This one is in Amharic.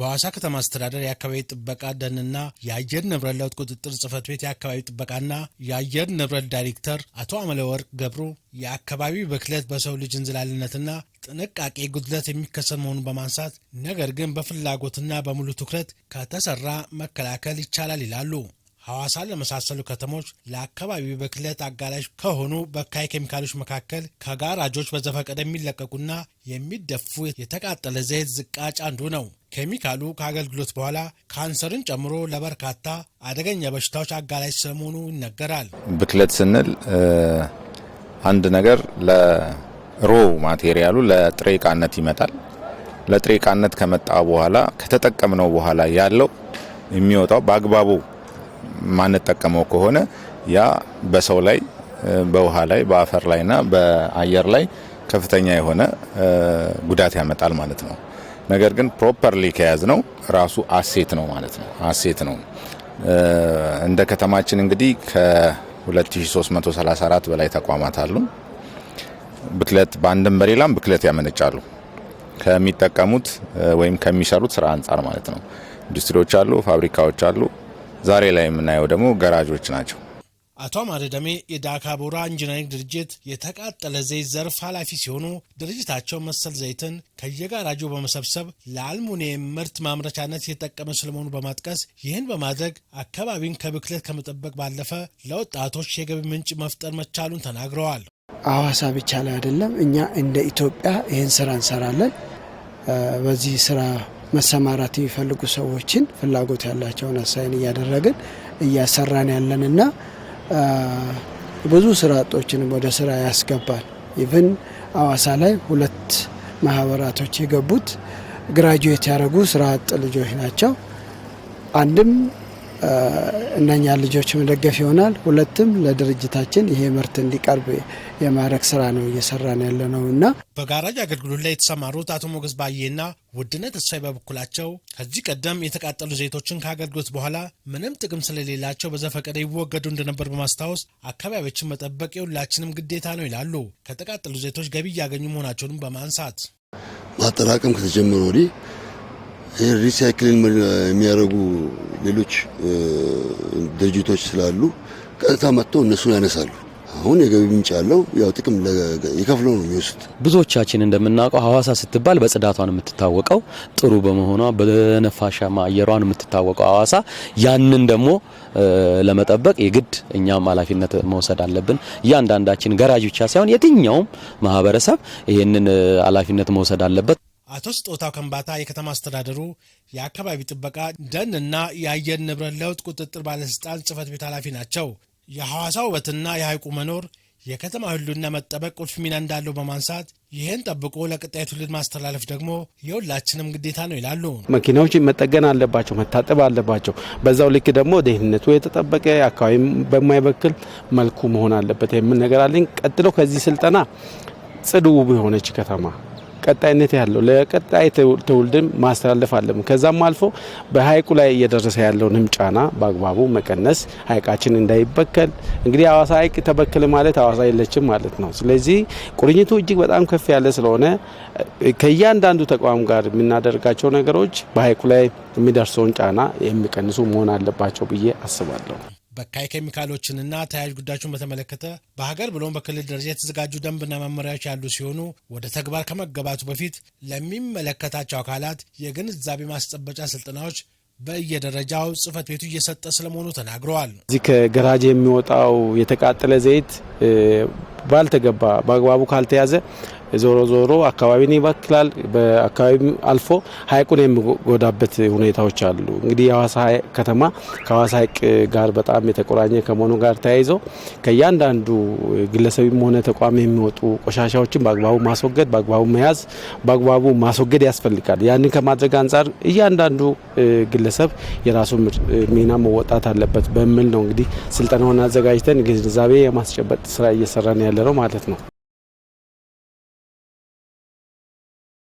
በሐዋሳ ከተማ አስተዳደር የአካባቢ ጥበቃ ደንና የአየር ንብረት ለውጥ ቁጥጥር ጽህፈት ቤት የአካባቢ ጥበቃና የአየር ንብረት ዳይሬክተር አቶ አመለወርቅ ገብሩ የአካባቢ ብክለት በሰው ልጅ እንዝላልነትና ጥንቃቄ ጉድለት የሚከሰት መሆኑን በማንሳት ነገር ግን በፍላጎትና በሙሉ ትኩረት ከተሰራ መከላከል ይቻላል ይላሉ። ሐዋሳን ለመሳሰሉ ከተሞች ለአካባቢው ብክለት አጋላሽ ከሆኑ በካይ ኬሚካሎች መካከል ከጋራጆች በዘፈቀደ የሚለቀቁና የሚደፉ የተቃጠለ ዘይት ዝቃጭ አንዱ ነው። ኬሚካሉ ከአገልግሎት በኋላ ካንሰርን ጨምሮ ለበርካታ አደገኛ በሽታዎች አጋላሽ ስለመሆኑ ይነገራል። ብክለት ስንል አንድ ነገር ለሮ ማቴሪያሉ ለጥሬ ዕቃነት ይመጣል። ለጥሬ ዕቃነት ከመጣ በኋላ ከተጠቀምነው በኋላ ያለው የሚወጣው በአግባቡ ማንጠቀመው ከሆነ ያ በሰው ላይ በውሃ ላይ በአፈር ላይና በአየር ላይ ከፍተኛ የሆነ ጉዳት ያመጣል ማለት ነው። ነገር ግን ፕሮፐርሊ ከያዝ ነው ራሱ አሴት ነው ማለት ነው። አሴት ነው። እንደ ከተማችን እንግዲህ ከ2334 በላይ ተቋማት አሉ። ብክለት በአንድም በሌላም ብክለት ያመነጫሉ ከሚጠቀሙት ወይም ከሚሰሩት ስራ አንጻር ማለት ነው። ኢንዱስትሪዎች አሉ፣ ፋብሪካዎች አሉ፣ ዛሬ ላይ የምናየው ደግሞ ገራጆች ናቸው። አቶ አማረ ደሜ የዳካቦራ ኢንጂነሪንግ ድርጅት የተቃጠለ ዘይት ዘርፍ ኃላፊ ሲሆኑ ድርጅታቸው መሰል ዘይትን ከየጋራጁ በመሰብሰብ ለአልሙኒየም ምርት ማምረቻነት የተጠቀመ ስለመሆኑ በማጥቀስ ይህን በማድረግ አካባቢን ከብክለት ከመጠበቅ ባለፈ ለወጣቶች የገቢ ምንጭ መፍጠር መቻሉን ተናግረዋል። አዋሳ ብቻ ላይ አይደለም፣ እኛ እንደ ኢትዮጵያ ይህን ስራ እንሰራለን። በዚህ ስራ መሰማራት የሚፈልጉ ሰዎችን ፍላጎት ያላቸውን አሳይን እያደረግን እያሰራን ያለንና ብዙ ስራ አጦችንም ወደ ስራ ያስገባል። ኢቭን አዋሳ ላይ ሁለት ማህበራቶች የገቡት ግራጁዌት ያደረጉ ስራ አጥ ልጆች ናቸው። አንድም እነኛ ልጆች መደገፍ ይሆናል። ሁለትም ለድርጅታችን ይሄ ምርት እንዲቀርብ የማድረግ ስራ ነው ነው ያለ ነው እና በጋራጅ አገልግሎት ላይ የተሰማሩት አቶ ሞገስ ባዬና ውድነት እሳይ በበኩላቸው ከዚህ ቀደም የተቃጠሉ ዘይቶችን ከአገልግሎት በኋላ ምንም ጥቅም ስለሌላቸው በዘፈቀደ ይወገዱ እንደነበር በማስታወስ አካባቢዎችን መጠበቅ የሁላችንም ግዴታ ነው ይላሉ። ከተቃጠሉ ዘይቶች ገቢ እያገኙ መሆናቸውንም በማንሳት ማጠራቀም ከተጀመረ ወዲህ ይህ ሪሳይክል የሚያደርጉ ሌሎች ድርጅቶች ስላሉ ቀጥታ መጥተው እነሱን ያነሳሉ። አሁን የገቢ ምንጭ ያለው ያው ጥቅም የከፍለው ነው የሚወስድ። ብዙዎቻችን እንደምናውቀው ሀዋሳ ስትባል በጽዳቷን የምትታወቀው ጥሩ በመሆኗ በነፋሻማ አየሯን የምትታወቀው ሀዋሳ ያንን ደግሞ ለመጠበቅ የግድ እኛም ኃላፊነት መውሰድ አለብን። እያንዳንዳችን ገራጅ ብቻ ሳይሆን የትኛውም ማህበረሰብ ይህንን ኃላፊነት መውሰድ አለበት። አቶ ስጦታው ከንባታ የከተማ አስተዳደሩ የአካባቢ ጥበቃ ደንና የአየር ንብረት ለውጥ ቁጥጥር ባለስልጣን ጽህፈት ቤት ኃላፊ ናቸው። የሐዋሳ ውበትና የሐይቁ መኖር የከተማ ህልውና መጠበቅ ቁልፍ ሚና እንዳለው በማንሳት ይህን ጠብቆ ለቀጣይ ትውልድ ማስተላለፍ ደግሞ የሁላችንም ግዴታ ነው ይላሉ። መኪናዎች መጠገን አለባቸው፣ መታጠብ አለባቸው። በዛው ልክ ደግሞ ደህንነቱ የተጠበቀ አካባቢ በማይበክል መልኩ መሆን አለበት የሚል ነገር አለኝ። ቀጥሎ ከዚህ ስልጠና ጽዱ ውብ የሆነች ከተማ ቀጣይነት ያለው ለቀጣይ ትውልድም ማስተላለፍ አለም። ከዛም አልፎ በሀይቁ ላይ እየደረሰ ያለውንም ጫና በአግባቡ መቀነስ፣ ሀይቃችን እንዳይበከል። እንግዲህ አዋሳ ሀይቅ ተበክል ማለት አዋሳ የለችም ማለት ነው። ስለዚህ ቁርኝቱ እጅግ በጣም ከፍ ያለ ስለሆነ ከእያንዳንዱ ተቋም ጋር የምናደርጋቸው ነገሮች በሀይቁ ላይ የሚደርሰውን ጫና የሚቀንሱ መሆን አለባቸው ብዬ አስባለሁ። በካይ ኬሚካሎችንና ተያያዥ ጉዳዮችን በተመለከተ በሀገር ብሎም በክልል ደረጃ የተዘጋጁ ደንብና መመሪያዎች ያሉ ሲሆኑ ወደ ተግባር ከመገባቱ በፊት ለሚመለከታቸው አካላት የግንዛቤ ማስጨበጫ ስልጠናዎች በየደረጃው ጽህፈት ቤቱ እየሰጠ ስለመሆኑ ተናግረዋል። እዚህ ከገራጅ የሚወጣው የተቃጠለ ዘይት ባልተገባ በአግባቡ ካልተያዘ ዞሮ ዞሮ አካባቢን ይበክላል። በአካባቢም አልፎ ሀይቁን የሚጎዳበት ሁኔታዎች አሉ። እንግዲህ የሀዋሳ ከተማ ከሀዋሳ ሀይቅ ጋር በጣም የተቆራኘ ከመሆኑ ጋር ተያይዞ ከእያንዳንዱ ግለሰብም ሆነ ተቋም የሚወጡ ቆሻሻዎችን በአግባቡ ማስወገድ፣ በአግባቡ መያዝ፣ በአግባቡ ማስወገድ ያስፈልጋል። ያንን ከማድረግ አንጻር እያንዳንዱ ግለሰብ የራሱ ሚና መወጣት አለበት በሚል ነው እንግዲህ ስልጠናውን አዘጋጅተን ግንዛቤ የማስጨበጥ ስራ እየሰራን ያለ ነው ማለት ነው።